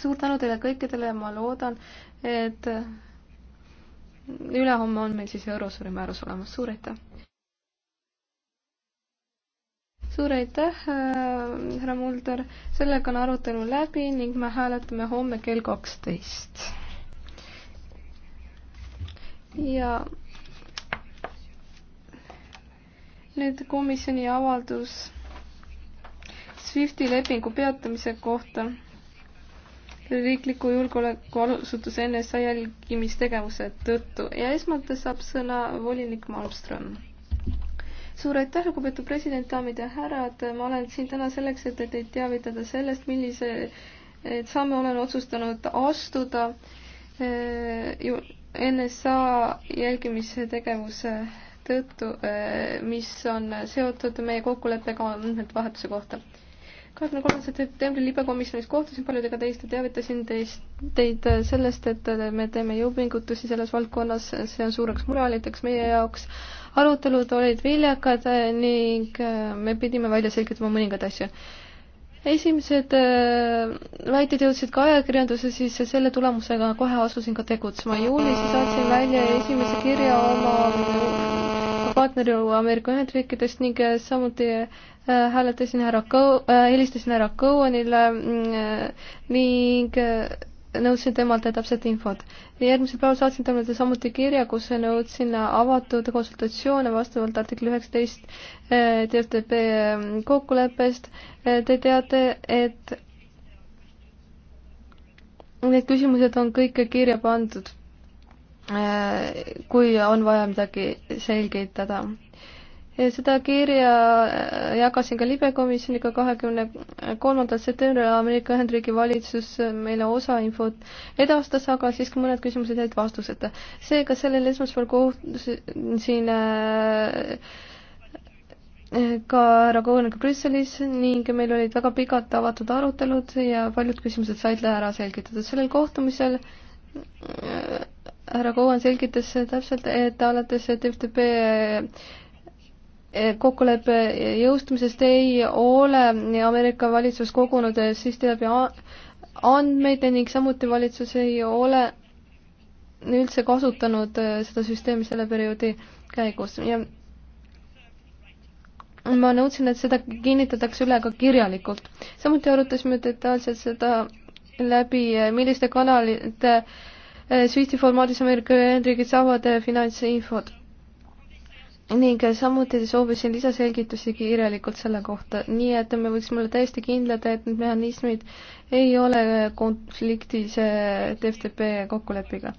suur tänu teile kõikidele ja ma loodan, et ülehomme on meil siis Eurosuri määrus olemas, suur aitäh! suur aitäh, äh, härra Mulder, sellega on arutelu läbi ning me hääletame homme kell kaksteist. ja nüüd komisjoni avaldus SWIFTi lepingu peatamise kohta riikliku julgeolekuasutuse NSA jälgimistegevuse tõttu ja esmalt saab sõna volinik Malmström. suur aitäh, lugupeetud president, daamid ja härrad, ma olen siin täna selleks, et teid teavitada sellest, millise samme olen otsustanud astuda eh, NSA jälgimistegevuse tõttu, eh, mis on seotud meie kokkuleppega andmete vahetuse kohta kahekümne kolmandal septembril libekomisjonis kohtusin paljudega teist ja teavitasin teist, teid sellest, et me teeme jõupingutusi selles valdkonnas, see on suureks murealiteks meie jaoks. arutelud olid viljakad ning me pidime välja selgitama mõningaid asju. esimesed äh, väited jõudsid ka ajakirjandusse, siis selle tulemusega kohe asusin ka tegutsema. juulis saatsin välja esimese kirja oma partneri Ameerika Ühendriikidest ning äh, samuti Äh, hääletasin härra Kõ-, äh, helistasin härra Kõuanile mm, äh, ning nõudsin temalt täpset infot. järgmisel päeval saatsin temale samuti kirja, kus nõudsin avatud konsultatsioone vastavalt artikli üheksateist TFTP kokkuleppest. Te teate, et need küsimused on kõik kirja pandud, kui on vaja midagi selgitada seda kirja äh, jagasin ka libekomisjoniga kahekümne kolmandal septembril Ameerika Ühendriigi valitsus äh, meile osa infot edastas, aga siiski mõned küsimused jäid vastuseta. seega sellel esmaspäeval kohtusin äh, ka härra Kohanika Brüsselis ning meil olid väga pikad avatud arutelud ja paljud küsimused said ära selgitatud. sellel kohtumisel härra Kohan selgitas täpselt, et alates TFTP kokkuleppe jõustumisest ei ole Ameerika valitsus kogunud süstiteabe andmeid ning samuti valitsus ei ole üldse kasutanud äh, seda süsteemi selle perioodi käigus ja ma nõudsin, et seda kinnitatakse üle ka kirjalikult. samuti arutasime detailselt seda läbi, äh, milliste kanalite äh, süstiformaadis Ameerika Ühendriigid saavad finantsinfot ning samuti soovisin lisaselgitusi kirjalikult selle kohta, nii et me võiksime olla täiesti kindlad, et need mehhanismid ei ole konfliktis eh, TFTP kokkuleppega.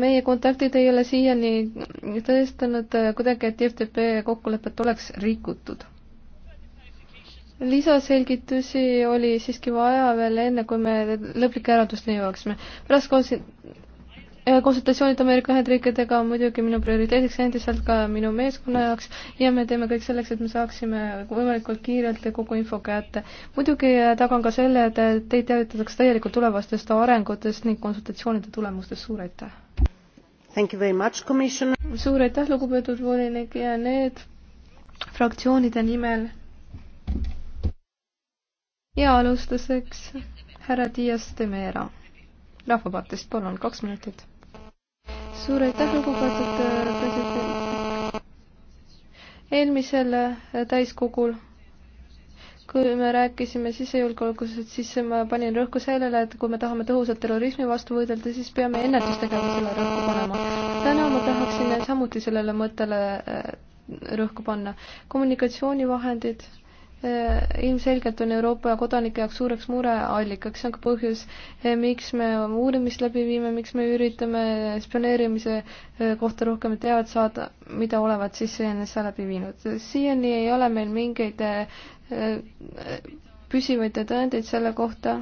meie kontaktid ei ole siiani tõestanud eh, kuidagi, et TFTP kokkulepet oleks rikutud. lisaselgitusi oli siiski vaja veel enne, kui me lõplike järeldusteni jõuaksime. pärast konsi-, Äh, konsultatsioonid Ameerika Ühendriikidega on muidugi minu prioriteediks endiselt ka minu meeskonna jaoks ja me teeme kõik selleks, et me saaksime võimalikult kiirelt kogu info kätte. muidugi äh, tagan ka selle, et äh, teid teavitatakse täielikult tulevastest arengutest ning konsultatsioonide tulemustest, suur aitäh! suur aitäh, lugupeetud volinik ja need fraktsioonide nimel ja alustuseks härra Dias de Mera Rahvapartist, palun, kaks minutit suur aitäh, lugupeetud äh, president. eelmisel äh, täiskogul, kui me rääkisime sisejulgeolekust, siis ma panin rõhku sellele, et kui me tahame tõhusalt terrorismi vastu võidelda, siis peame ennetustegevusele rõhku panema. täna ma tahaksin samuti sellele mõttele äh, rõhku panna. kommunikatsioonivahendid Äh, ilmselgelt on Euroopa kodanike jaoks suureks mureallikaks, see on ka põhjus, äh, miks me oma uurimist läbi viime, miks me üritame spioneerimise äh, kohta rohkem teavet saada, mida olevat siis NSA läbi viinud. siiani ei ole meil mingeid püsivaid tõendeid selle kohta.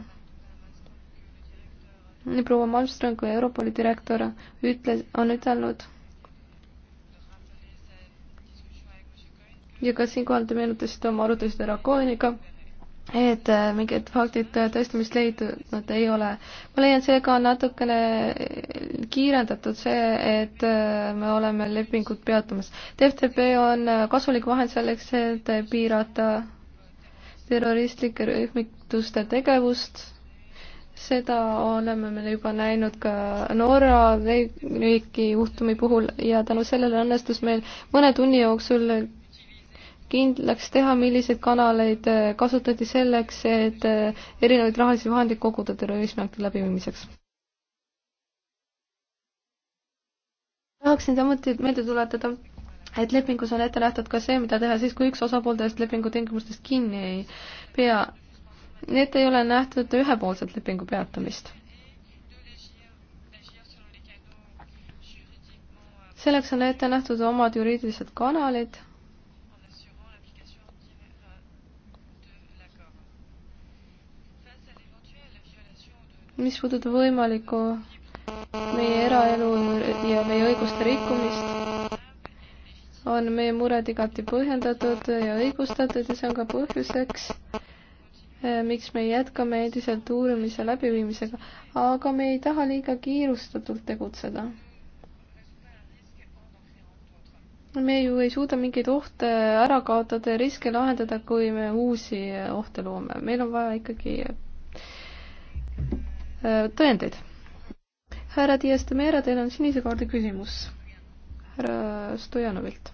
nii proua Malmström kui Europoli direktor ütles, on ütelnud ja ka siinkohal te meenutasite oma arutlusid härra Koeniga, et äh, mingid faktid äh, tõestamist leidnud ei ole. ma leian, seega on natukene äh, kiirendatud see, et me oleme lepingut peatamas. TFTP on kasulik vahend selleks, et piirata terroristlike rühmituste tegevust, seda oleme me juba näinud ka Norra veekijuhtumi puhul ja tänu sellele õnnestus meil mõne tunni jooksul kindlaks teha, milliseid kanaleid äh, kasutati selleks, et äh, erinevaid rahalisi vahendeid koguda terrorismiakti läbiviimiseks. tahaksin samuti meelde tuletada, et lepingus on ette nähtud ka see, mida teha siis, kui üks osapooltest lepingu tingimustest kinni ei pea. Need ei ole nähtud ühepoolselt lepingu peatamist selleks on ette nähtud omad juriidilised kanalid mis puudutab võimalikku meie eraelu ja meie õiguste rikkumist, on meie mured igati põhjendatud ja õigustatud ja see on ka põhjuseks, eh, miks me jätkame endiselt uurimise läbiviimisega, aga me ei taha liiga kiirustatult tegutseda. me ju ei suuda mingeid ohte ära kaotada ja riske lahendada, kui me uusi ohte loome, meil on vaja ikkagi Äh, tõendeid. härra Diestemera, teil on sinise kaardi küsimus härra Stojanovilt.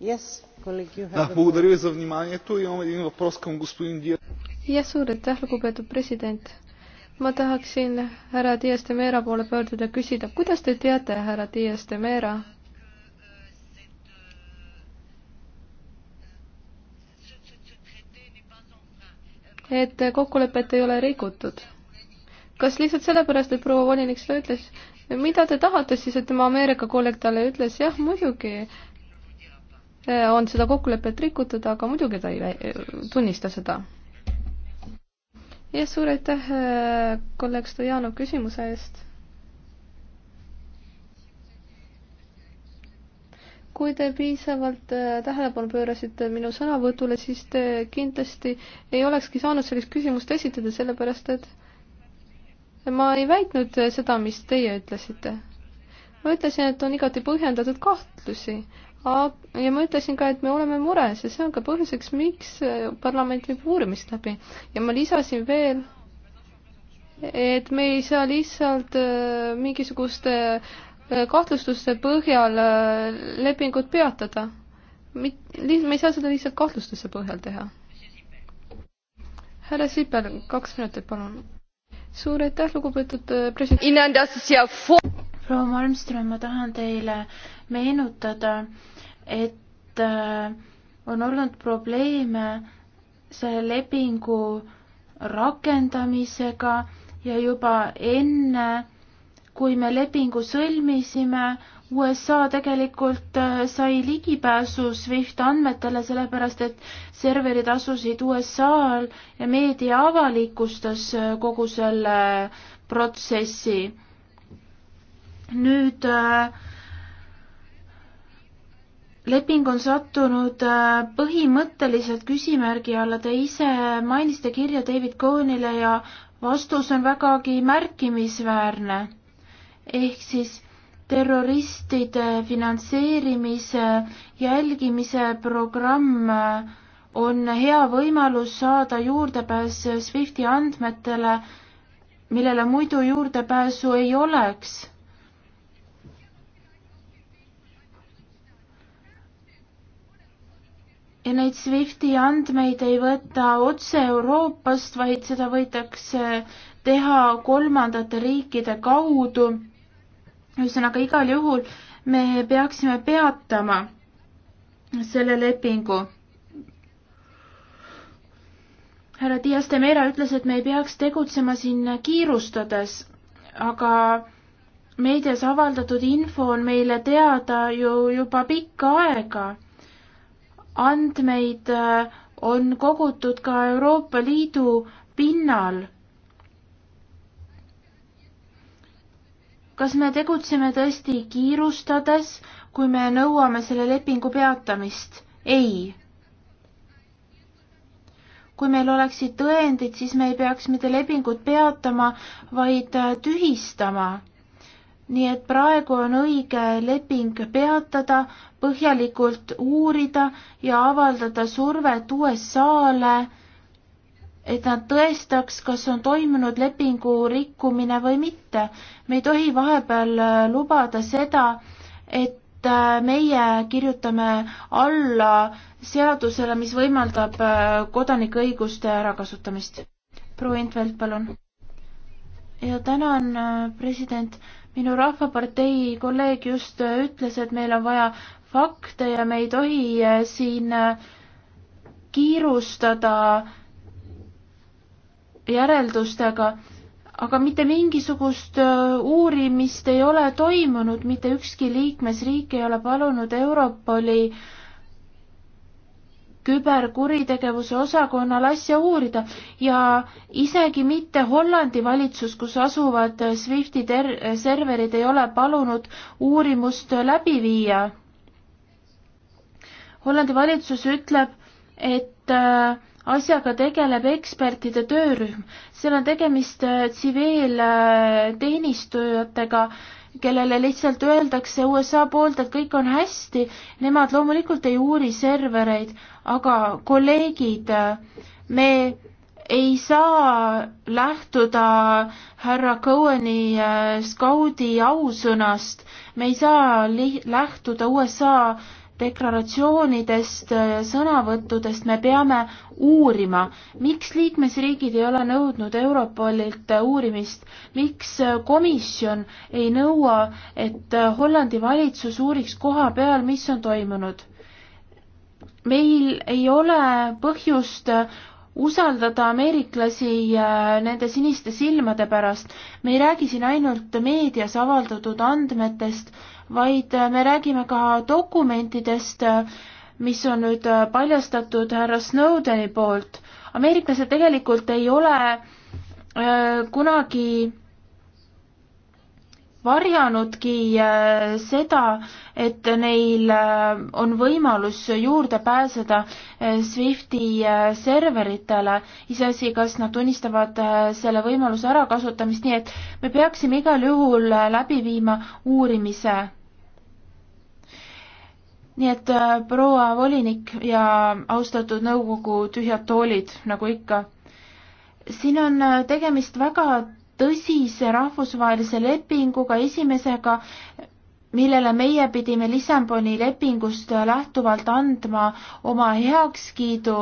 Yes, благодаря за вниманието. Имам един въпрос към господин Диас. Jah, suur aitäh, lugupeetud president. ma tahaksin härra Dias de Meera poole pöörduda ja küsida, kuidas te teate, härra Dias de Meera, et kokkulepet ei ole rikutud. kas lihtsalt sellepärast, et proua volinik seda ütles? mida te tahate siis, et tema Ameerika kolleeg talle ütles, jah, muidugi on seda kokkulepet rikutud, aga muidugi ta ei tunnista seda. jah, suur aitäh kolleeg Stojanov küsimuse eest kui te piisavalt äh, tähelepanu pöörasite minu sõnavõtule, siis te kindlasti ei olekski saanud sellist küsimust esitada, sellepärast et ma ei väitnud seda, mis teie ütlesite. ma ütlesin, et on igati põhjendatud kahtlusi ja ma ütlesin ka, et me oleme mures ja see on ka põhjuseks, miks äh, parlament viib uurimist läbi ja ma lisasin veel, et me ei saa lihtsalt mingisuguste äh, äh kahtlustuste põhjal äh, lepingut peatada. me ei saa seda lihtsalt kahtlustuse põhjal teha. härra Sipel, kaks minutit, palun. suur aitäh, lugupeetud äh, president. proua Malmström, ma tahan teile meenutada, et äh, on olnud probleeme selle lepingu rakendamisega ja juba enne kui me lepingu sõlmisime, USA tegelikult äh, sai ligipääsu SWIFT andmetele, sellepärast et serverid asusid USA-l ja meedia avalikustas äh, kogu selle protsessi. nüüd äh, leping on sattunud äh, põhimõtteliselt küsimärgi alla, te ise mainisite kirja David Cohenile ja vastus on vägagi märkimisväärne ehk siis terroristide finantseerimise jälgimise programm on hea võimalus saada juurdepääs SWIFTi andmetele, millele muidu juurdepääsu ei oleks. ja neid SWIFTi andmeid ei võta otse Euroopast, vaid seda võidakse teha kolmandate riikide kaudu ühesõnaga, igal juhul me peaksime peatama selle lepingu. härra Dias de Mera ütles, et me ei peaks tegutsema siin kiirustades, aga meedias avaldatud info on meile teada ju juba pikka aega. andmeid äh, on kogutud ka Euroopa Liidu pinnal kas me tegutseme tõesti kiirustades, kui me nõuame selle lepingu peatamist? ei. kui meil oleksid tõendid, siis me ei peaks mitte lepingut peatama, vaid äh, tühistama. nii et praegu on õige leping peatada, põhjalikult uurida ja avaldada survet USA-le et nad tõestaks, kas on toimunud lepingu rikkumine või mitte. me ei tohi vahepeal äh, lubada seda, et äh, meie kirjutame alla seadusele, mis võimaldab äh, kodanikuõiguste ärakasutamist. proua Intvelt, palun. ja tänan, president. minu Rahvapartei kolleeg just ütles, et meil on vaja fakte ja me ei tohi siin kiirustada äh, järeldustega, aga mitte mingisugust uurimist ei ole toimunud, mitte ükski liikmesriik ei ole palunud Europoli küberkuritegevuse osakonnal asja uurida ja isegi mitte Hollandi valitsus, kus asuvad Swifti serverid, ei ole palunud uurimust läbi viia. Hollandi valitsus ütleb, et äh, asjaga tegeleb ekspertide töörühm, seal on tegemist äh, tsiviilteenistujatega, kellele lihtsalt öeldakse USA poolt, et kõik on hästi, nemad loomulikult ei uuri servereid, aga kolleegid, äh, me ei saa lähtuda härra Coheni äh, skaudi ausõnast, me ei saa lähtuda USA deklaratsioonidest ja sõnavõttudest me peame uurima, miks liikmesriigid ei ole nõudnud Europolilt uurimist, miks komisjon ei nõua, et Hollandi valitsus uuriks koha peal, mis on toimunud. meil ei ole põhjust usaldada ameeriklasi äh, nende siniste silmade pärast. me ei räägi siin ainult meedias avaldatud andmetest, vaid me räägime ka dokumentidest, mis on nüüd paljastatud härra Snowdeni poolt. ameeriklased tegelikult ei ole öö, äh, kunagi varjanudki äh, seda, et neil äh, on võimalus juurde pääseda äh, Swifti äh, serveritele, iseasi, kas nad tunnistavad äh, selle võimaluse ärakasutamist, nii et me peaksime igal juhul läbi viima uurimise nii et äh, proua volinik ja austatud nõukogu tühjad toolid, nagu ikka. siin on äh, tegemist väga tõsise rahvusvahelise lepinguga, esimesega, millele meie pidime Lissaboni lepingust äh, lähtuvalt andma oma heakskiidu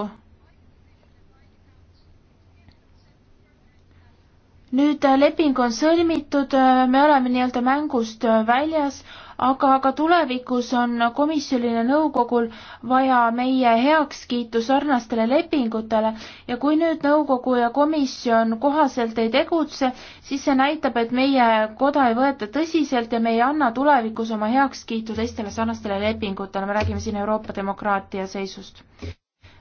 nüüd äh, leping on sõlmitud, äh, me oleme nii-öelda mängust äh, väljas, aga ka tulevikus on komisjonil ja nõukogul vaja meie heakskiitu sarnastele lepingutele ja kui nüüd nõukogu ja komisjon kohaselt ei tegutse, siis see näitab, et meie koda ei võeta tõsiselt ja me ei anna tulevikus oma heakskiitu teistele sarnastele lepingutele, me räägime siin Euroopa demokraatia seisust.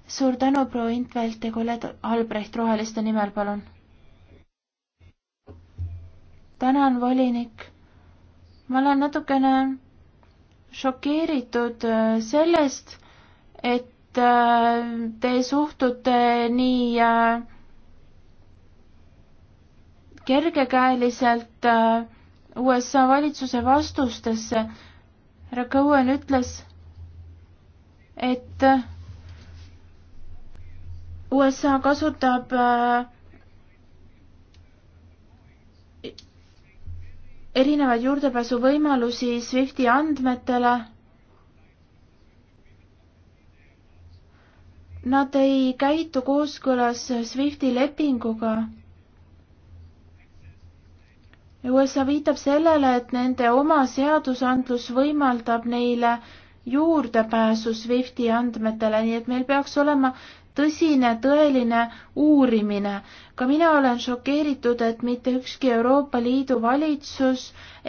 suur tänu, proua Intvelt ja kolleeg Albrecht Roheliste nimel, palun tänan, volinik. ma olen natukene šokeeritud äh, sellest, et äh, te suhtute nii äh, kergekäeliselt USA valitsuse vastustesse. härra Cohen ütles, et USA kasutab äh, erinevaid juurdepääsuvõimalusi SWIFTi andmetele. Nad ei käitu kooskõlas SWIFTi lepinguga. USA viitab sellele, et nende oma seadusandlus võimaldab neile juurdepääsu SWIFTi andmetele, nii et meil peaks olema tõsine, tõeline uurimine. ka mina olen šokeeritud, et mitte ükski Euroopa Liidu valitsus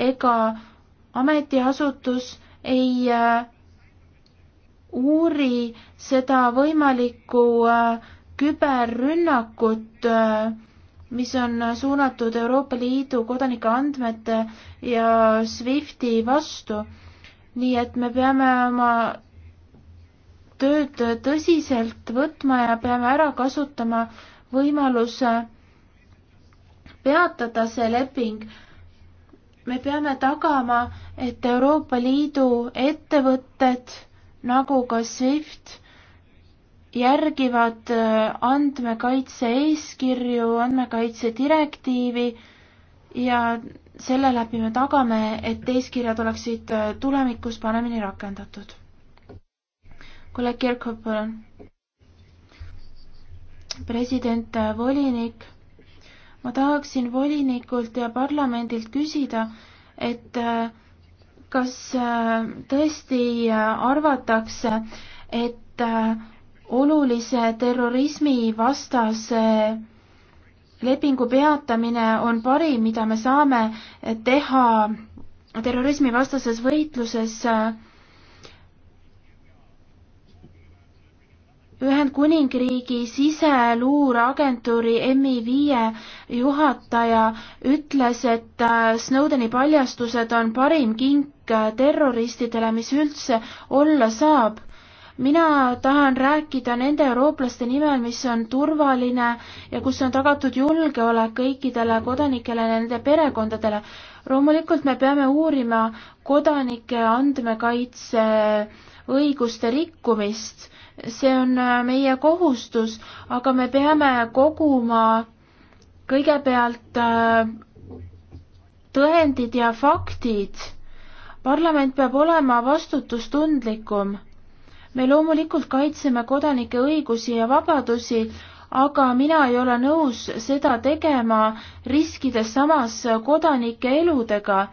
ega ametiasutus ei äh, uuri seda võimalikku äh, küberrünnakut, äh, mis on suunatud Euroopa Liidu kodanike andmete ja SWIFTi vastu. nii et me peame oma tööd tõsiselt võtma ja peame ära kasutama võimaluse peatada see leping. me peame tagama, et Euroopa Liidu ettevõtted nagu ka SWIFT järgivad äh, andmekaitse eeskirju, andmekaitse direktiivi ja selle läbi me tagame, et eeskirjad oleksid äh, tulevikus paremini rakendatud kolleeg Kirkhoff, palun. president, äh, volinik, ma tahaksin volinikult ja parlamendilt küsida, et äh, kas äh, tõesti arvatakse, et olulise terrorismivastase lepingu peatamine on parim, mida me saame teha terrorismivastases võitluses äh, Ühendkuningriigi siseluureagentuuri MI5 juhataja ütles, et äh, Snowdeni paljastused on parim kink äh, terroristidele, mis üldse olla saab. mina tahan rääkida nende eurooplaste nimel, mis on turvaline ja kus on tagatud julgeolek kõikidele kodanikele ja nende perekondadele. loomulikult me peame uurima kodanike andmekaitse õiguste rikkumist see on äh, meie kohustus, aga me peame koguma kõigepealt äh, tõendid ja faktid. parlament peab olema vastutustundlikum. me loomulikult kaitseme kodanike õigusi ja vabadusi, aga mina ei ole nõus seda tegema, riskides samas kodanike eludega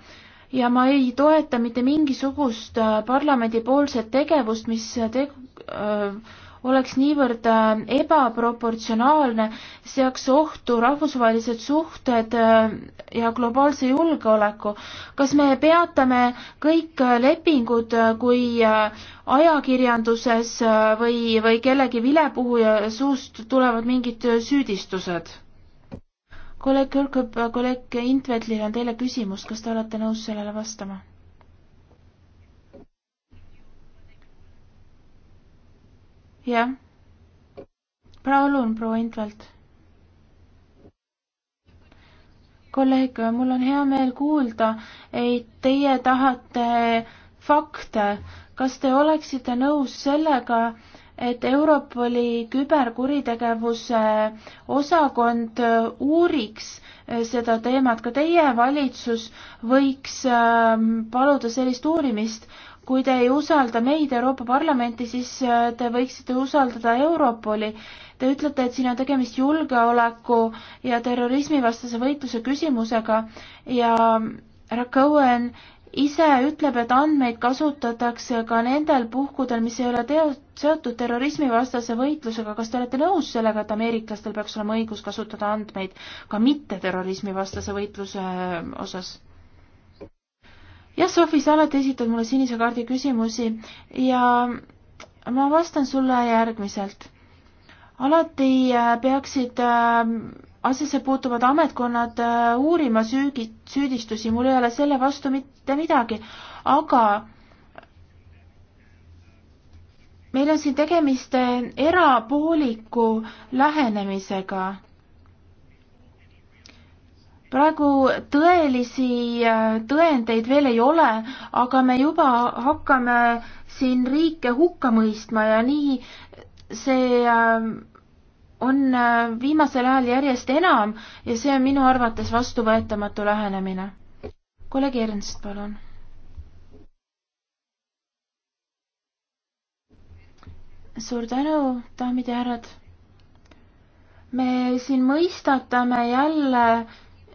ja ma ei toeta mitte mingisugust äh, parlamendipoolset tegevust, mis teg-, Äh, oleks niivõrd äh, ebaproportsionaalne, seaks ohtu rahvusvahelised suhted äh, ja globaalse julgeoleku. kas me peatame kõik lepingud, kui ajakirjanduses või, või kellegi vilepuhuja suust tulevad mingid süüdistused? kolleeg Kõrgup, kolleeg Intvetlil on teile küsimus, kas te olete nõus sellele vastama? jah. palun, proua Intvelt. kolleeg, mul on hea meel kuulda, et teie tahate fakte. kas te oleksite nõus sellega, et Europoli küberkuritegevuse osakond uuriks seda teemat, ka teie valitsus võiks ähm, paluda sellist uurimist kui te ei usalda meid Euroopa Parlamenti, siis äh, te võiksite usaldada Europoli. Te ütlete, et siin on tegemist julgeoleku ja terrorismivastase võitluse küsimusega ja härra Cohen ise ütleb, et andmeid kasutatakse ka nendel puhkudel, mis ei ole teo-, seotud terrorismivastase võitlusega. kas te olete nõus sellega, et ameeriklastel peaks olema õigus kasutada andmeid ka mitte terrorismivastase võitluse äh, osas? jah, Sofi, sa oled esitanud mulle sinise kaardi küsimusi ja ma vastan sulle järgmiselt. alati äh, peaksid äh, asjasse puutuvad ametkonnad äh, uurima süügi, süüdistusi, mul ei ole selle vastu mitte midagi, aga meil on siin tegemist erapooliku lähenemisega praegu tõelisi äh, tõendeid veel ei ole, aga me juba hakkame siin riike hukka mõistma ja nii see ähm, on äh, viimasel ajal järjest enam ja see on minu arvates vastuvõetamatu lähenemine. kolleeg Ernst, palun. suur tänu, daamid ja härrad. me siin mõistatame jälle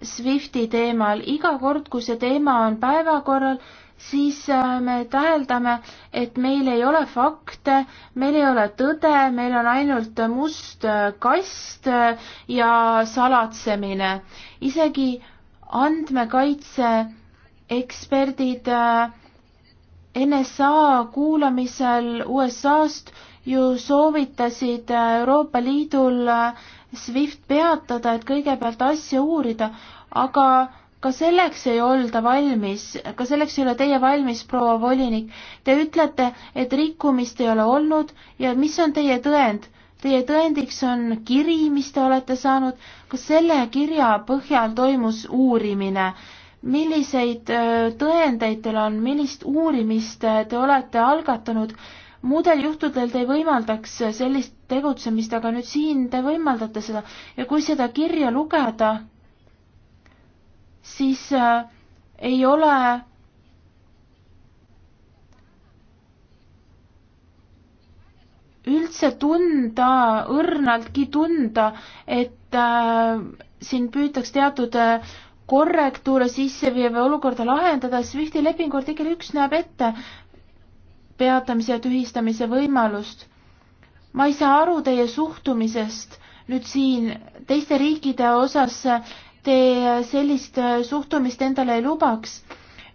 Swifti teemal. iga kord, kui see teema on päevakorral, siis äh, me täheldame, et meil ei ole fakte, meil ei ole tõde, meil on ainult must äh, kast äh, ja salatsemine. isegi andmekaitse eksperdid NSA kuulamisel USA-st ju soovitasid Euroopa Liidul SWIFT peatada, et kõigepealt asja uurida, aga ka selleks ei olda valmis, ka selleks ei ole teie valmis, proua volinik. Te ütlete, et rikkumist ei ole olnud ja mis on teie tõend? Teie tõendiks on kiri, mis te olete saanud. kas selle kirja põhjal toimus uurimine? milliseid äh, tõendeid teil on, millist uurimist äh, te olete algatanud muudel juhtudel te ei võimaldaks sellist tegutsemist, aga nüüd siin te võimaldate seda ja kui seda kirja lugeda, siis äh, ei ole üldse tunda, õrnaltki tunda, et äh, siin püütakse teatud äh, korrektuure sisse viia või olukorda lahendada, Swifti leping artikkel üks näeb ette peatamise ja tühistamise võimalust. ma ei saa aru teie suhtumisest nüüd siin teiste riikide osas, te sellist suhtumist endale ei lubaks.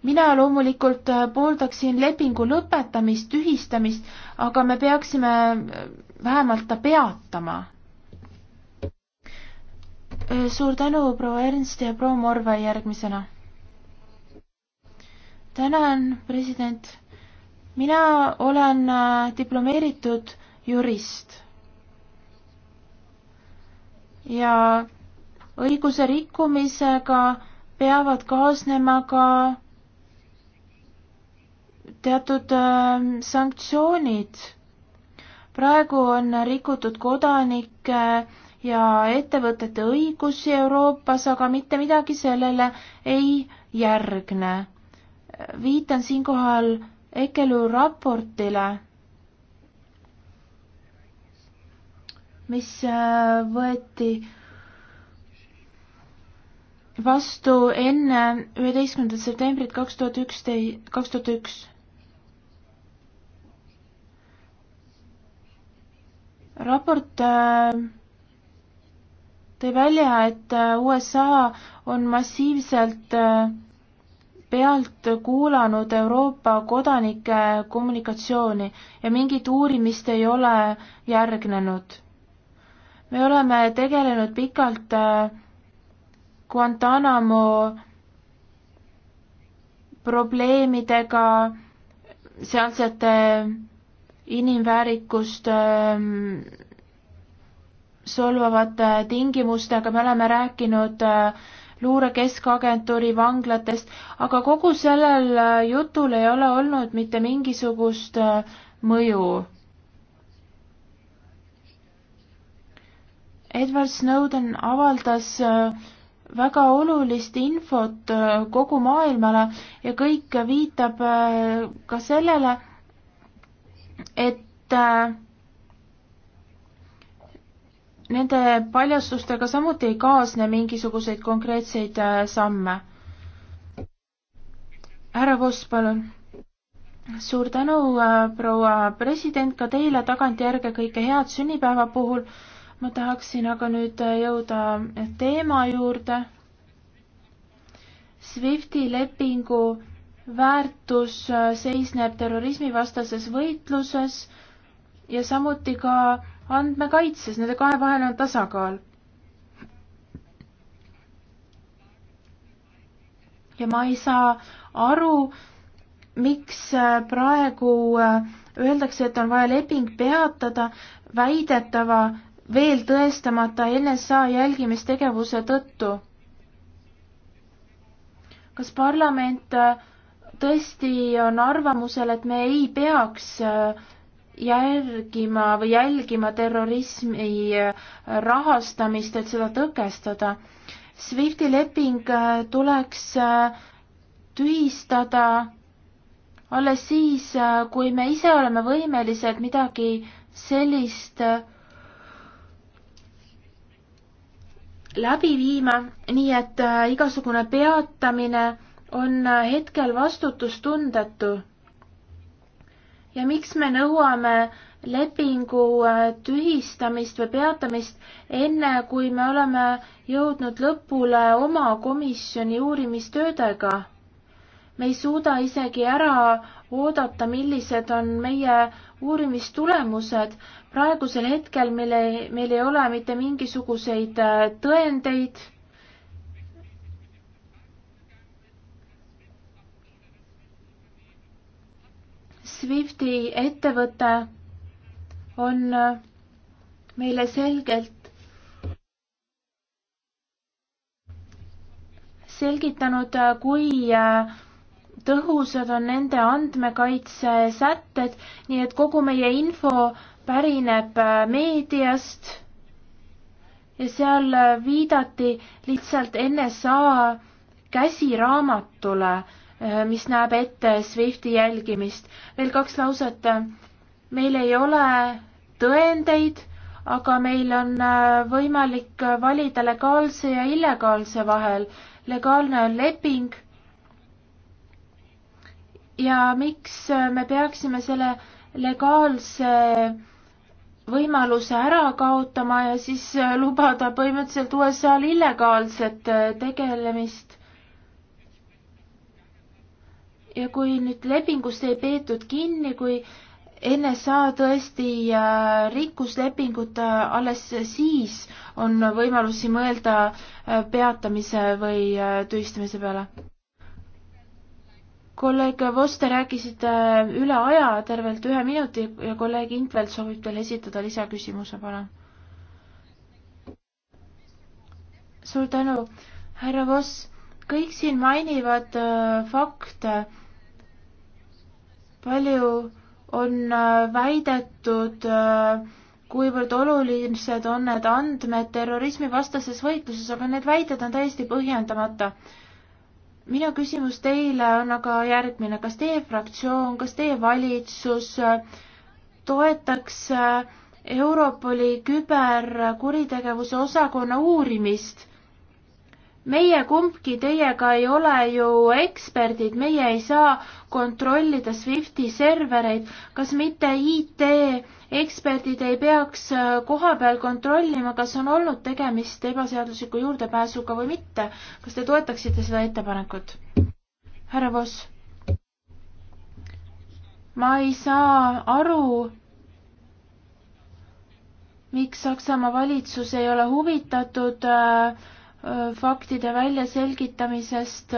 mina loomulikult pooldaksin lepingu lõpetamist, tühistamist, aga me peaksime vähemalt ta peatama. suur tänu, proua Ernst ja proua Morve järgmisena. tänan, president mina olen äh, diplomeeritud jurist ja õiguse rikkumisega peavad kaasnema ka teatud äh, sanktsioonid. praegu on rikutud kodanike ja ettevõtete õigusi Euroopas, aga mitte midagi sellele ei järgne. viitan siinkohal Ekelu raportile, mis äh, võeti vastu enne üheteistkümnendat septembrit kaks tuhat üksteist, kaks tuhat üks. raport äh, tõi välja, et äh, USA on massiivselt äh, pealt kuulanud Euroopa kodanike kommunikatsiooni ja mingit uurimist ei ole järgnenud. me oleme tegelenud pikalt äh, Guantanamo probleemidega, sealsete inimväärikust ähm, solvavate tingimustega, me oleme rääkinud äh, luurekeskagentuuri vanglatest, aga kogu sellel äh, jutul ei ole olnud mitte mingisugust äh, mõju. Edward Snowden avaldas äh, väga olulist infot kogu maailmale ja kõik viitab ka sellele, et nende paljastustega samuti ei kaasne mingisuguseid konkreetseid äh, samme. härra Voss, palun. suur tänu, äh, proua president, ka teile tagantjärge kõike head sünnipäeva puhul. ma tahaksin aga nüüd äh, jõuda teema juurde. SWIFTi lepingu väärtus seisneb terrorismivastases võitluses ja samuti ka andmekaitses, nende kahe vahel on tasakaal. ja ma ei saa aru, miks äh, praegu äh, öeldakse, et on vaja leping peatada väidetava veel tõestamata NSA jälgimistegevuse tõttu. kas parlament äh, tõesti on arvamusel, et me ei peaks äh, järgima või jälgima terrorismi äh, rahastamist, et seda tõkestada. SWIFTi leping äh, tuleks äh, tühistada alles siis, kui me ise oleme võimelised midagi sellist läbi viima, nii et igasugune peatamine on hetkel vastutustundetu ja miks me nõuame lepingu äh, tühistamist või peatamist enne, kui me oleme jõudnud lõpule oma komisjoni uurimistöödega. me ei suuda isegi ära oodata, millised on meie uurimistulemused. praegusel hetkel meil ei, meil ei ole mitte mingisuguseid äh, tõendeid Swifti ettevõte on meile selgelt selgitanud, kui tõhusad on nende andmekaitsesätted, nii et kogu meie info pärineb meediast ja seal viidati lihtsalt NSA käsiraamatule Eh, mis näeb ette SWIFTi jälgimist. veel kaks lauset. meil ei ole tõendeid, aga meil on eh, võimalik valida legaalse ja illegaalse vahel. legaalne on leping. ja miks eh, me peaksime selle legaalse võimaluse ära kaotama ja siis lubada põhimõtteliselt USA-l illegaalset tegelemist ja kui nüüd lepingust ei peetud kinni, kui NSA tõesti rikkus lepingut, alles siis on võimalusi mõelda äh, peatamise või äh, tühistamise peale. kolleeg Voste, rääkisite äh, üle aja tervelt ühe minuti ja kolleeg Intvelt soovib teile esitada lisaküsimuse, palun. suur tänu, härra Voss, kõik siin mainivad fakte palju on äh, väidetud, äh, kuivõrd olulised on need andmed terrorismivastases võitluses, aga need väited on täiesti põhjendamata. minu küsimus teile on aga järgmine, kas teie fraktsioon, kas teie valitsus äh, toetaks Europoli küberkuritegevuse osakonna uurimist meie kumbki teiega ei ole ju eksperdid, meie ei saa kontrollida Swifti servereid, kas mitte IT-eksperdid ei peaks äh, kohapeal kontrollima, kas on olnud tegemist ebaseadusliku juurdepääsuga või mitte. kas te toetaksite seda ettepanekut? härra Voss. ma ei saa aru, miks Saksamaa valitsus ei ole huvitatud äh, faktide väljaselgitamisest.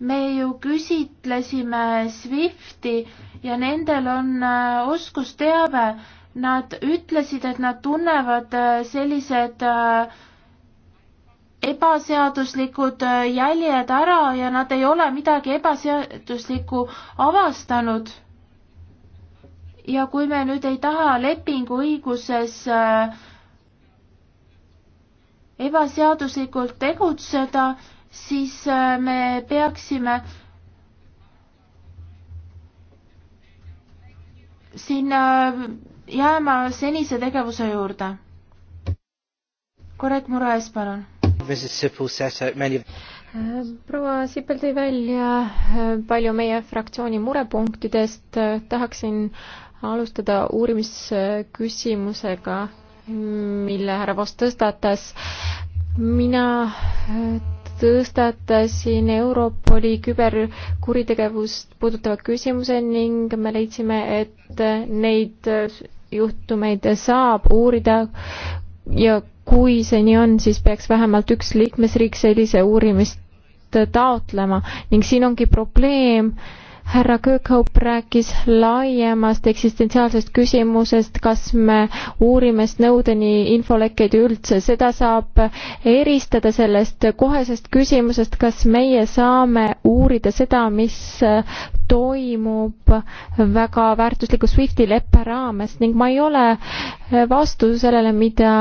me ju küsitlesime SWIFTi ja nendel on äh, oskusteave. Nad ütlesid, et nad tunnevad äh, sellised äh, ebaseaduslikud jäljed ära ja nad ei ole midagi ebaseaduslikku avastanud ja kui me nüüd ei taha lepinguõiguses äh, ebaseaduslikult tegutseda, siis äh, me peaksime siin äh, jääma senise tegevuse juurde. Korrekt Muraes, palun. proua Sipel tõi välja palju meie fraktsiooni murepunktidest, tahaksin alustada uurimisküsimusega, mille härra Voss tõstatas. mina tõstatasin Europoli küberkuritegevust puudutava küsimuse ning me leidsime, et neid juhtumeid saab uurida ja kui see nii on, siis peaks vähemalt üks liikmesriik sellise uurimist taotlema ning siin ongi probleem äh, härra Köökhoop rääkis laiemast eksistentsiaalsest küsimusest, kas me uurime Snowdeni infolekkeid üldse, seda saab eristada sellest kohesest küsimusest, kas meie saame uurida seda, mis toimub väga väärtusliku SWIFTi leppe raames ning ma ei ole vastu sellele, mida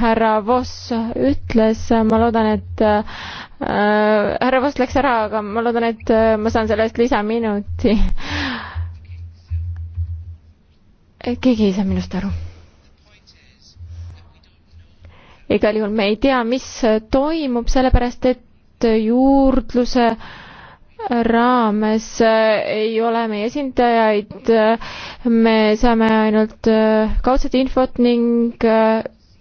härra Voss ütles, ma loodan, et äh, härra Voss läks ära, aga ma loodan, et äh, ma saan selle eest lisaminuti. keegi ei saa minust aru igal juhul me ei tea, mis toimub, sellepärast et juurdluse raames äh, ei ole meie esindajaid, äh, me saame ainult äh, kaudset infot ning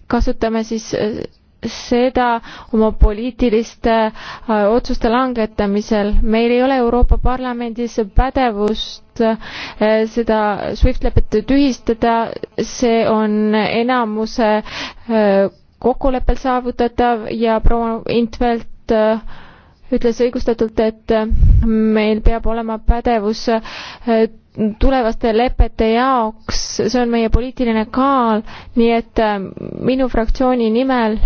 kasutame siis äh, seda oma poliitiliste äh, otsuste langetamisel. meil ei ole Euroopa Parlamendis pädevust äh, seda SWIFT lepet tühistada, see on enamuse kokkuleppel saavutatav ja proua Intvelt ütles õigustatult, et meil peab olema pädevus tulevaste lepete jaoks, see on meie poliitiline kaal, nii et äh, minu fraktsiooni nimel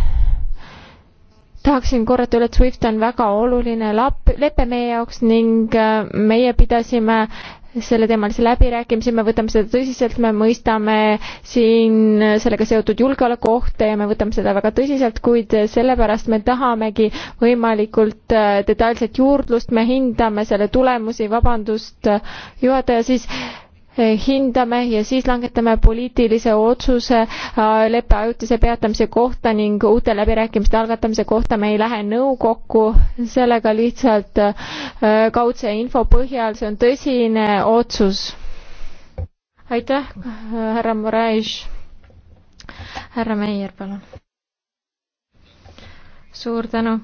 tahaksin korrata üle, et SWIFT on väga oluline lap-, lepe meie jaoks ning äh, meie pidasime selleteemalisi läbirääkimisi, me võtame seda tõsiselt, me mõistame siin sellega seotud julgeolekuohte ja me võtame seda väga tõsiselt, kuid sellepärast me tahamegi võimalikult äh, detailset juurdlust, me hindame selle tulemusi, vabandust, juhataja, siis äh, Eh, hindame ja siis langetame poliitilise otsuse äh, leppe ajutise peatamise kohta ning uute läbirääkimiste algatamise kohta me ei lähe nõukokku sellega lihtsalt äh, kaudse info põhjal, see on tõsine otsus. aitäh, härra Moraes. härra Meier, palun. suur tänu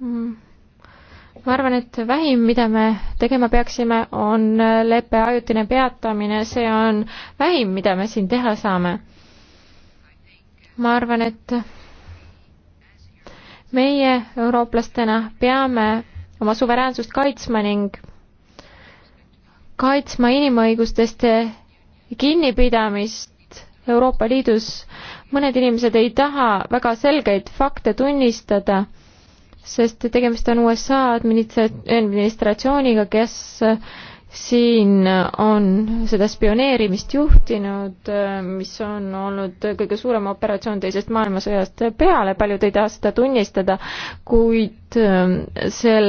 mm ma arvan, et vähim, mida me tegema peaksime, on leppe ajutine peatamine, see on vähim, mida me siin teha saame. ma arvan, et meie eurooplastena peame oma suveräänsust kaitsma ning kaitsma inimõigustest kinnipidamist Euroopa Liidus. mõned inimesed ei taha väga selgeid fakte tunnistada sest tegemist on USA administratsiooniga, kes siin on seda spioneerimist juhtinud, mis on olnud kõige suurem operatsioon Teisest maailmasõjast peale, paljud ei taha seda tunnistada, kuid ähm, sel,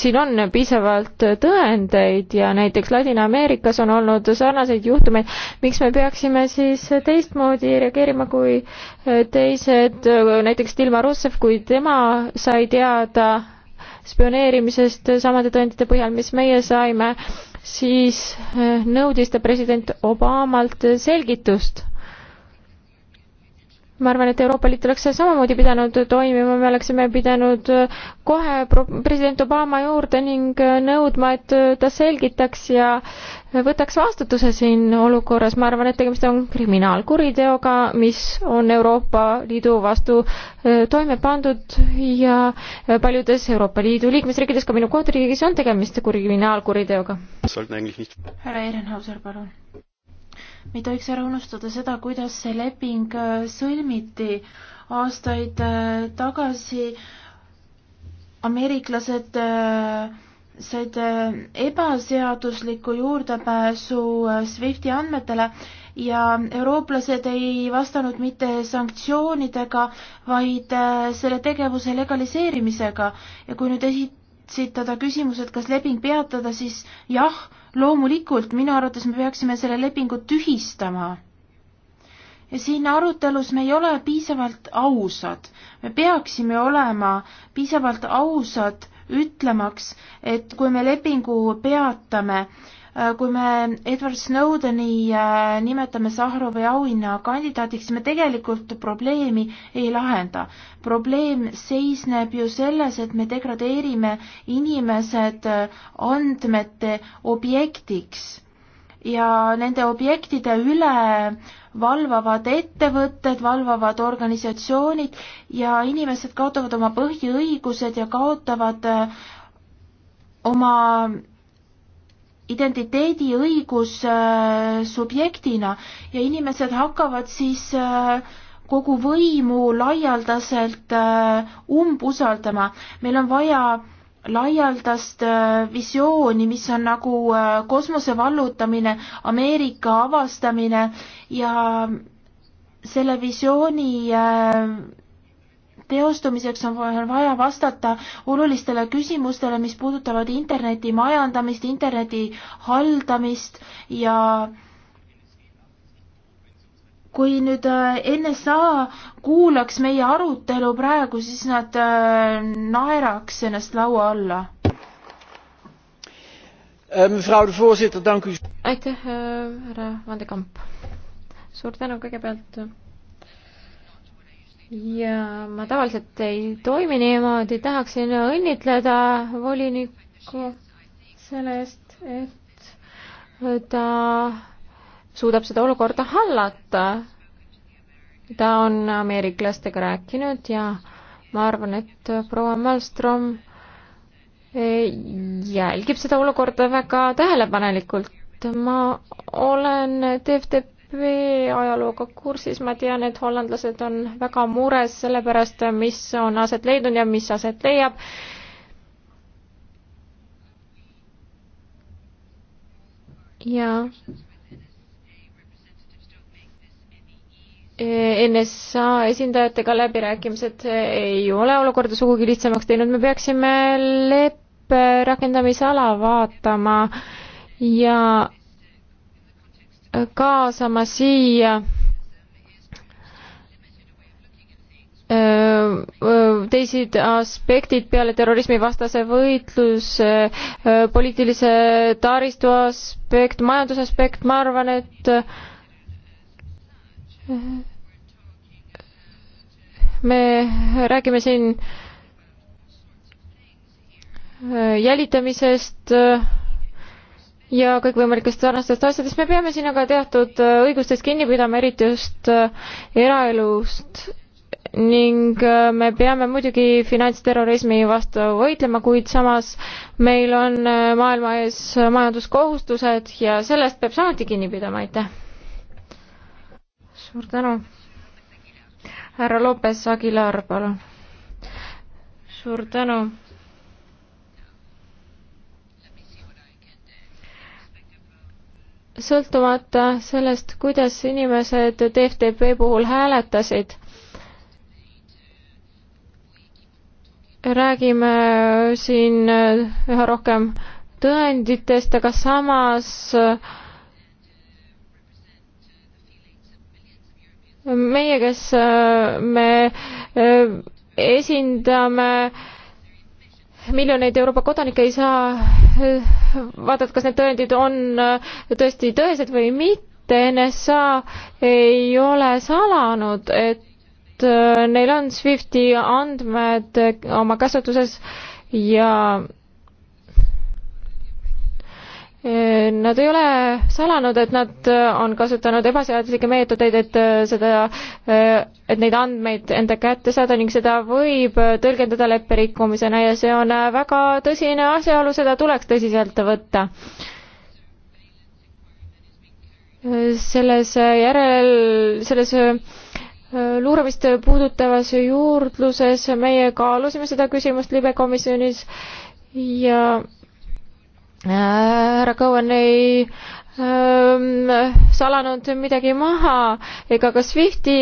siin on piisavalt tõendeid ja näiteks Ladina-Ameerikas on olnud sarnaseid juhtumeid, miks me peaksime siis teistmoodi reageerima kui äh, teised, äh, näiteks Dilma Russev, kui tema sai teada spioneerimisest samade tõendite põhjal, mis meie saime, siis eh, nõudis ta president Obamalt selgitust ma arvan, et Euroopa Liit oleks samamoodi pidanud toimima, me oleksime pidanud kohe president Obama juurde ning nõudma, et ta selgitaks ja võtaks vastutuse siin olukorras, ma arvan, et tegemist on kriminaalkuriteoga, mis on Euroopa Liidu vastu äh, toime pandud ja paljudes Euroopa Liidu liikmesriikides, ka minu koduriigis, on tegemist kriminaalkuriteoga. härra Ehrenhauser, palun me ei tohiks ära unustada seda, kuidas see leping äh, sõlmiti aastaid äh, tagasi. ameeriklased äh, said ebaseaduslikku juurdepääsu SWIFTi andmetele ja eurooplased ei vastanud mitte sanktsioonidega, vaid selle tegevuse legaliseerimisega ja kui nüüd esitada küsimus, et kas leping peatada, siis jah loomulikult minu arvates me peaksime selle lepingu tühistama. ja siin arutelus me ei ole piisavalt ausad. me peaksime olema piisavalt ausad, ütlemaks, et kui me lepingu peatame, Äh, kui me Edward Snowdeni äh, nimetame Sahhrovi auhinna kandidaadiks, siis me tegelikult probleemi ei lahenda. probleem seisneb ju selles, et me degradeerime inimesed äh, andmete objektiks ja nende objektide üle valvavad ettevõtted, valvavad organisatsioonid ja inimesed kaotavad oma põhiõigused ja kaotavad oma identiteediõigus äh, subjektina ja inimesed hakkavad siis äh, kogu võimu laialdaselt äh, umbusaldama. meil on vaja laialdast visiooni, mis on nagu kosmose vallutamine, Ameerika avastamine ja selle visiooni teostumiseks on vaja vastata olulistele küsimustele, mis puudutavad interneti majandamist, interneti haldamist ja kui nüüd äh, NSA kuulaks meie arutelu praegu, siis nad äh, naeraks ennast laua alla. Äh, aitäh, härra Vandekamp. suur tänu kõigepealt ja ma tavaliselt ei toimi niimoodi, tahaksin õnnitleda volinikku selle eest, et ta suudab seda olukorda hallata. ta on ameeriklastega rääkinud ja ma arvan, et proua Malmström e, jälgib seda olukorda väga tähelepanelikult. ma olen TFTP vee ajalooga kursis, ma tean, et hollandlased on väga mures selle pärast, mis on aset leidnud ja mis aset leiab. ja NSA esindajatega läbirääkimised ei ole olukorda sugugi lihtsamaks teinud, me peaksime leppe rakendamise ala vaatama ja kaasama siia teised aspektid peale terrorismivastase võitluse, poliitilise taristu aspekt, majandusaspekt, ma arvan, et me räägime siin jälitamisest ja kõikvõimalikest sarnastest asjadest, me peame siin aga teatud äh, õigustest kinni pidama, eriti just äh, eraelust ning äh, me peame muidugi finantsterrorismi vastu võitlema, kuid samas meil on maailma ees majanduskohustused ja sellest peab samuti kinni pidama, aitäh. suur tänu. härra Lopez Aguilar, palun. suur tänu sõltumata sellest, kuidas inimesed TFTP puhul hääletasid. räägime siin äh, üha rohkem tõenditest, aga samas äh, meie, kes äh, me esindame miljoneid Euroopa kodanikke ei saa vaadata, kas need tõendid on äh, tõesti tõesed või mitte. NSA ei ole salanud, et äh, neil on SWIFTi andmed äh, oma käsutuses ja Nad ei ole salanud, et nad äh, on kasutanud ebaseaduslikke meetodeid, et äh, seda, äh, et neid andmeid enda kätte saada ning seda võib tõlgendada lepperikkumisena ja see on väga tõsine asjaolu, seda tuleks tõsiselt võtta selles järel, selles luuramist puudutavas juurdluses meie kaalusime seda küsimust libekomisjonis ja härra Cohen ei ähm, salanud midagi maha ega ka Swifti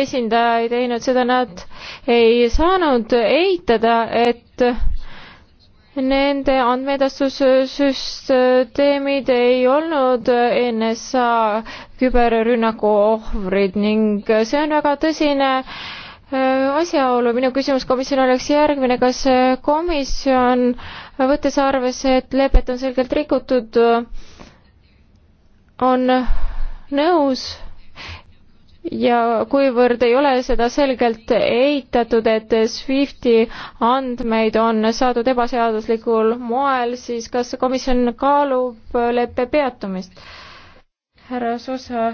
esindaja ei teinud seda, nad ei saanud eitada, et nende andmeedastussüsteemid ei olnud NSA küberrünnaku ohvrid ning see on väga tõsine äh, Äh, asjaolu, minu küsimus komisjonile oleks järgmine, kas äh, komisjon, võttes arvesse, et lepet on selgelt rikutud, äh, on nõus ja kuivõrd ei ole seda selgelt eitatud, et SWIFTi andmeid on saadud ebaseaduslikul moel, siis kas komisjon kaalub leppe peatumist? härra Susa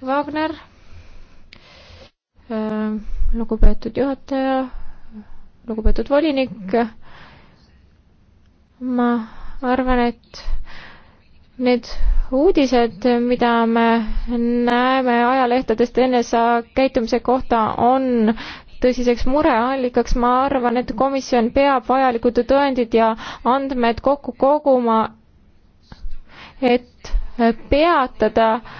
Wagner Äh, lugupeetud juhataja, lugupeetud volinik. ma arvan, et need uudised, mida me näeme ajalehtedest NSA käitumise kohta, on tõsiseks mureallikaks, ma arvan, et komisjon peab vajalikud tõendid ja andmed kokku koguma, et peatada äh,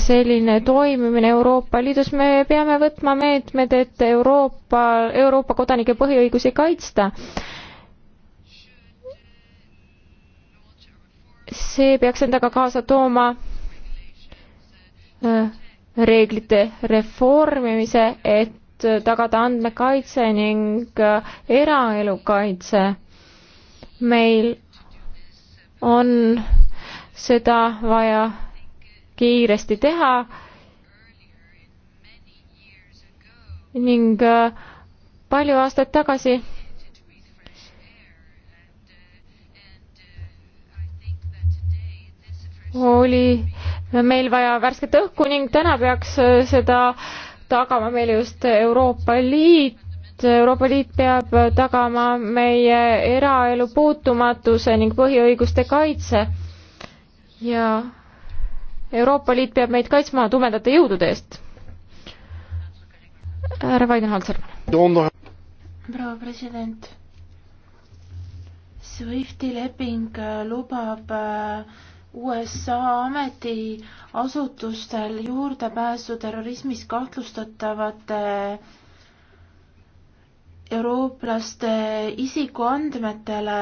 selline toimimine Euroopa Liidus, me peame võtma meetmed, et Euroopa, Euroopa kodanike põhiõigusi kaitsta. see peaks endaga kaasa tooma äh, reeglite reformimise, et tagada andmekaitse ning äh, eraelu kaitse. meil on seda vaja kiiresti teha ning äh, palju aastaid tagasi oli meil vaja värsket õhku ning täna peaks äh, seda tagama meile just Euroopa Liit. Euroopa Liit peab äh, tagama meie eraelu puutumatuse ning põhiõiguste kaitse ja Euroopa Liit peab meid kaitsma tumedate jõudude eest. härra Weidenholzer. proua president. SWIFTi leping lubab äh, USA ametiasutustel juurdepääsu terrorismis kahtlustatavate eurooplaste isikuandmetele,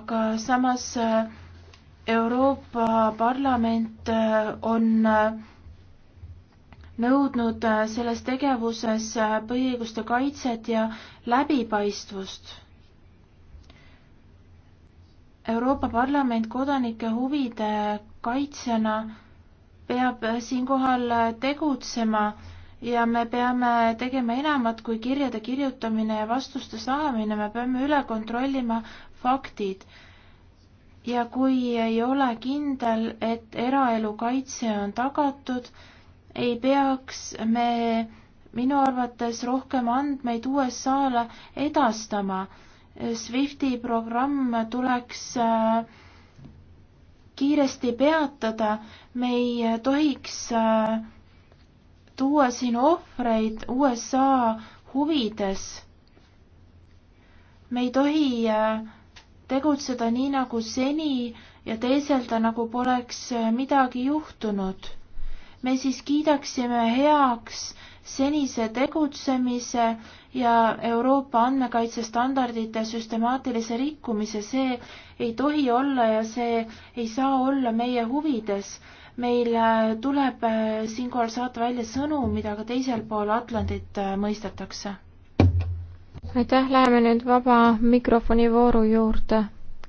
aga samas äh, Euroopa Parlament äh, on äh, nõudnud äh, selles tegevuses põhiõiguste kaitset ja läbipaistvust. Euroopa Parlament kodanike huvide kaitsjana peab siinkohal tegutsema ja me peame tegema enamat kui kirjade kirjutamine ja vastuste saamine, me peame üle kontrollima faktid ja kui ei ole kindel, et eraelu kaitse on tagatud, ei peaks me minu arvates rohkem andmeid USA-le edastama. SWIFTi programm tuleks äh, kiiresti peatada, me ei tohiks äh, tuua siin ohvreid USA huvides. me ei tohi äh, tegutseda nii nagu seni ja teeselda, nagu poleks äh, midagi juhtunud. me siis kiidaksime heaks senise tegutsemise ja Euroopa andmekaitsestandardite süstemaatilise rikkumise, see ei tohi olla ja see ei saa olla meie huvides. meil äh, tuleb äh, siinkohal saata välja sõnum, mida ka teisel pool Atlandit mõistetakse aitäh, läheme nüüd vaba mikrofoni vooru juurde.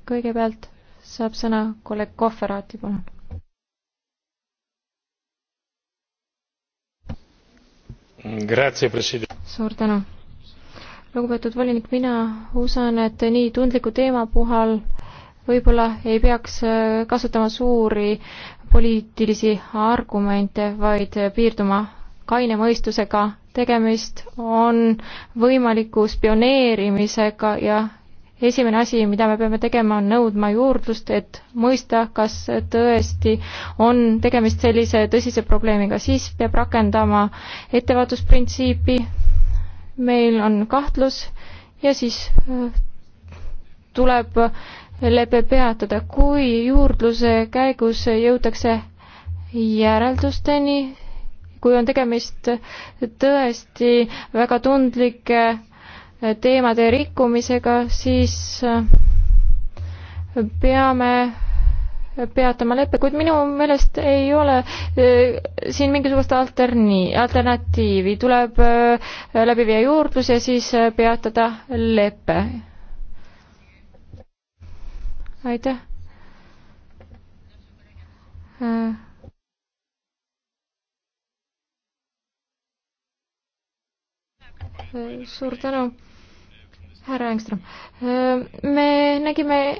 kõigepealt saab sõna kolleeg Kohveraati, palun. suur tänu. lugupeetud volinik, mina usun, et nii tundliku teema puhul võib-olla ei peaks äh, kasutama suuri poliitilisi argumente, vaid piirduma kaine mõistusega tegemist on võimaliku spioneerimisega ja esimene asi, mida me peame tegema, on nõudma juurdlust, et mõista, kas tõesti on tegemist sellise tõsise probleemiga, siis peab rakendama ettevaatusprintsiipi, meil on kahtlus ja siis äh, tuleb lepe peatada, kui juurdluse käigus jõutakse järeldusteni, kui on tegemist tõesti väga tundlike teemade rikkumisega, siis äh, peame peatama leppe, kuid minu meelest ei ole äh, siin mingisugust alterni-, alternatiivi, tuleb äh, läbi viia juurdlus ja siis peatada lepe. aitäh. suur tänu, härra Engström. me nägime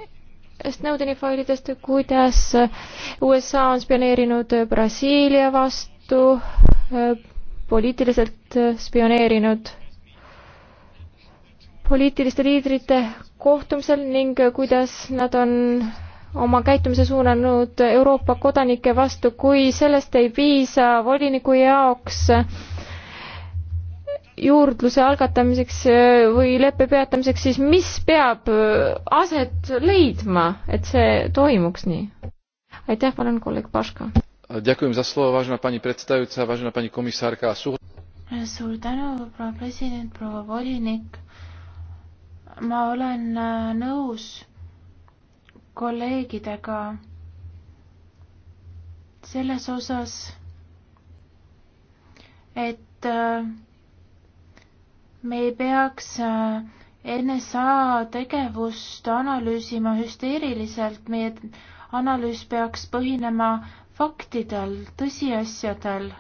Snowdeni failidest, kuidas USA on spioneerinud Brasiilia vastu, poliitiliselt spioneerinud poliitiliste liidrite kohtumisel ning kuidas nad on oma käitumise suunanud Euroopa kodanike vastu, kui sellest ei piisa voliniku jaoks äh, juurdluse algatamiseks äh, või leppe peatamiseks, siis mis peab äh, aset leidma, et see toimuks nii? aitäh, palun kolleeg Paška. suur tänu, proua president, proua volinik. ma olen äh, nõus kolleegidega selles osas, et et me ei peaks äh, NSA tegevust analüüsima hüsteeriliselt, meie analüüs peaks põhinema faktidel, tõsiasjadel.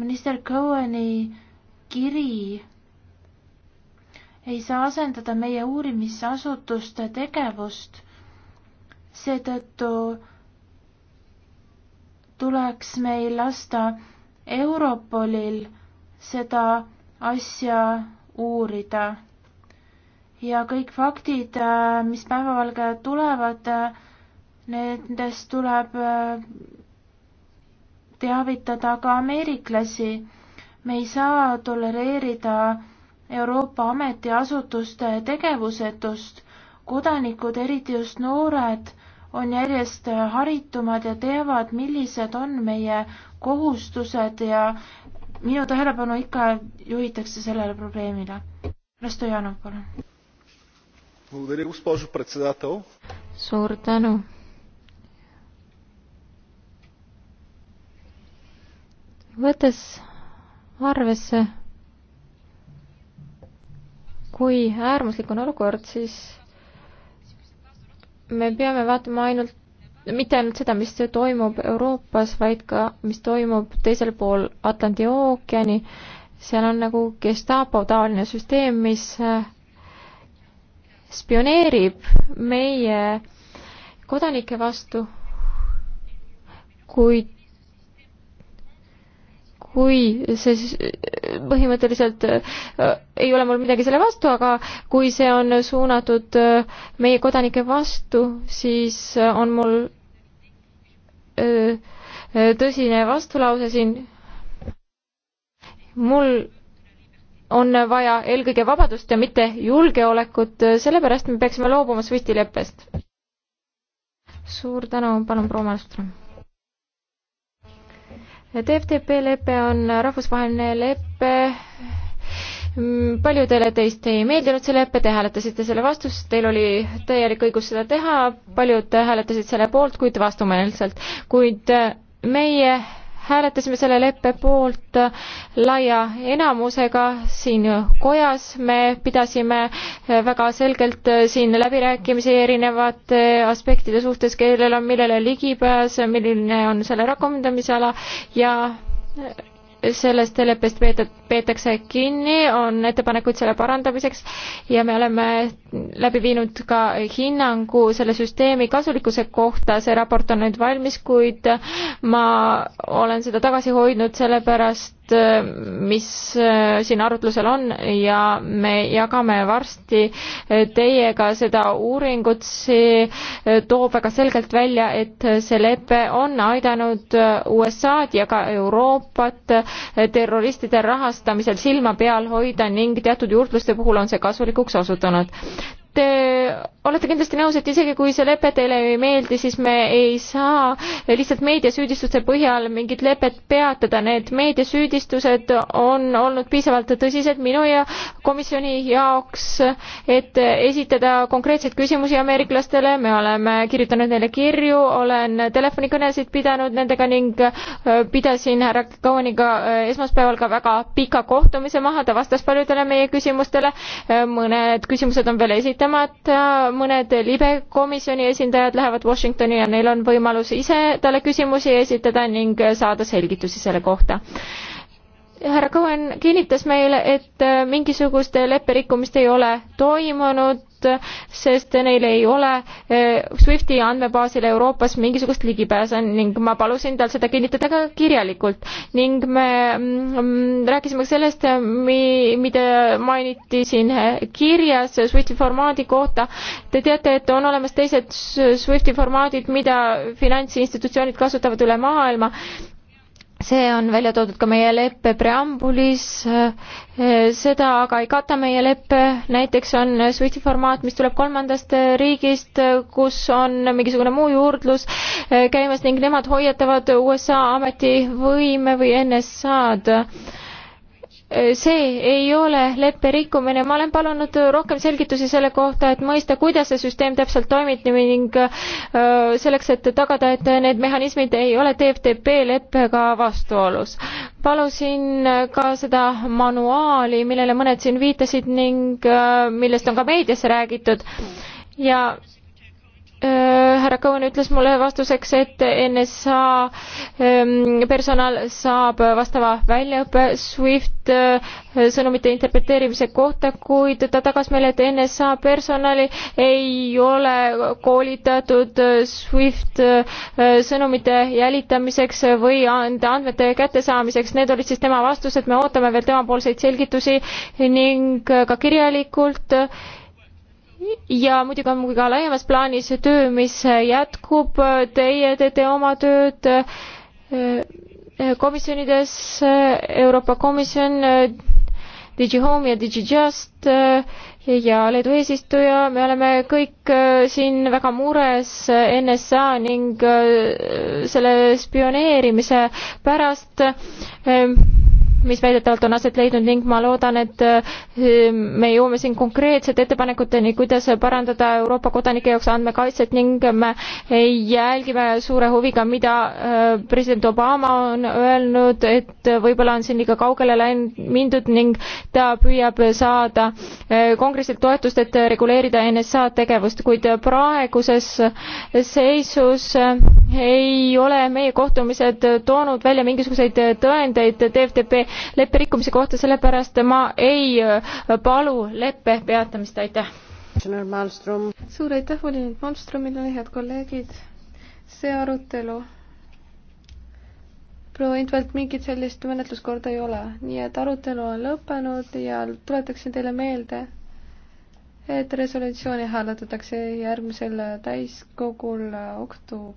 minister Coheni kiri ei saa asendada meie uurimisasutuste tegevust, seetõttu tuleks meil lasta Europolil seda asja uurida. ja kõik faktid, äh, mis päevavalgele tulevad, äh, nendest tuleb äh, teavitada ka ameeriklasi. me ei saa tolereerida Euroopa ametiasutuste tegevusetust. kodanikud, eriti just noored, on järjest haritumad ja teavad, millised on meie kohustused ja minu tähelepanu ikka juhitakse sellele probleemile. Rastojanov, palun. suur tänu. võttes arvesse, kui äärmuslik on olukord, siis me peame vaatama ainult, mitte ainult seda, mis toimub Euroopas, vaid ka, mis toimub teisel pool Atlandi ookeani. seal on nagu Gestapo taoline süsteem, mis äh, spioneerib meie kodanike vastu, kuid kui see äh, põhimõtteliselt äh, äh, ei ole mul midagi selle vastu, aga kui see on suunatud meie kodanike vastu, siis on mul tõsine vastulause siin. mul on vaja eelkõige vabadust ja mitte julgeolekut, sellepärast me peaksime loobuma SWIFT-i leppest. suur tänu, palun proua Malmström TFTP lepe on rahvusvaheline lepe, paljudele teist ei meeldinud see lepe, te hääletasite selle vastu, sest teil oli täielik õigus seda teha, paljud hääletasid selle poolt, kuid vastumeelselt. kuid meie hääletasime selle leppe poolt laia enamusega siin kojas. me pidasime väga selgelt siin läbirääkimisi erinevate aspektide suhtes, kellel on millele ligipääs, milline on selle rakendamisala ja sellest leppest peetud peetakse kinni, on ettepanekuid selle parandamiseks ja me oleme läbi viinud ka hinnangu selle süsteemi kasulikkuse kohta, see raport on nüüd valmis, kuid ma olen seda tagasi hoidnud sellepärast, mis siin arutlusel on ja me jagame varsti teiega seda uuringut, see toob väga selgelt välja, et see lepe on aidanud USA-d ja ka Euroopat terroristide rahast rahastamisel silma peal hoida ning teatud juurdluste puhul on see kasulikuks osutunud. Te olete kindlasti nõus, et isegi kui see lepe teile ei meeldi, siis me ei saa lihtsalt meediasüüdistuste põhjal mingit lepet peatada. Need meediasüüdistused on olnud piisavalt tõsised minu ja komisjoni jaoks, et esitada konkreetseid küsimusi ameeriklastele. me oleme kirjutanud neile kirju, olen telefonikõnesid pidanud nendega ning äh, pidasin härra Kauniga äh, esmaspäeval ka väga pika kohtumise maha. ta vastas paljudele meie küsimustele. Äh, mõned küsimused on veel esitatud temad, äh, mõned libe komisjoni esindajad lähevad Washingtoni ja neil on võimalus ise talle küsimusi esitada ning saada selgitusi selle kohta härra Cohen kinnitas meile, et äh, mingisugust lepperikkumist ei ole toimunud tegevust, sest neil ei ole eh, SWIFTi andmebaasile Euroopas mingisugust ligipääsu ning ma palusin tal seda kinnitada ka kirjalikult ning me mm, mm, rääkisime ka sellest, mi-, mida mainiti siin eh, kirjas SWIFTi formaadi kohta. Te teate, et on olemas teised SWIFTi formaadid, mida finantsinstitutsioonid kasutavad üle maailma see on välja toodud ka meie leppe preambulis, seda aga ei kata meie leppe, näiteks on Swifti formaat, mis tuleb kolmandast riigist, kus on mingisugune muu juurdlus käimas ning nemad hoiatavad USA ametivõime või NSA-d Äh, see ei ole leppe rikkumine, ma olen palunud rohkem selgitusi selle kohta, et mõista, kuidas see süsteem täpselt toimib ning äh, selleks, et tagada, et need mehhanismid ei ole TFTP leppega vastuolus. palusin äh, ka seda manuaali, millele mõned siin viitasid ning millest on ka meedias räägitud ja Äh, härra Cohen ütles mulle vastuseks, et NSA ähm, personal saab vastava väljaõppe SWIFT äh, sõnumite interpreteerimise kohta, kuid ta tagas meile, et NSA personali ei ole koolitatud äh, SWIFT sõnumite jälitamiseks või nende andmete kättesaamiseks. Need olid siis tema vastused, me ootame veel temapoolseid selgitusi ning ka kirjalikult ja muidugi on ka laiemas plaanis töö, mis jätkub, teie teete oma tööd eh, komisjonides, eh, Euroopa Komisjon, eh, DigiHome ja DigiJust ja Leedu eesistuja, me oleme kõik siin väga mures NSA ning selle spioneerimise pärast mis väidetavalt on aset leidnud ning ma loodan, et äh, me jõuame siin konkreetsete ettepanekuteni, kuidas parandada Euroopa kodanike jaoks andmekaitset ning me jälgime suure huviga, mida äh, president Obama on öelnud, et võib-olla on siin liiga kaugele läinud, mindud ning ta püüab saada äh, kongressilt toetust, et reguleerida NSA tegevust, kuid praeguses seisus ei ole meie kohtumised toonud välja mingisuguseid tõendeid DFDP leppe rikkumise kohta, sellepärast ma ei äh, palu leppe peatamist, aitäh. suur aitäh, volinik Malmströmile, head kolleegid. see arutelu proua Intvelt, mingit sellist menetluskorda ei ole, nii et arutelu on lõppenud ja tuletaksin teile meelde, et resolutsiooni hääletatakse järgmisel täiskogul äh, oktoobris.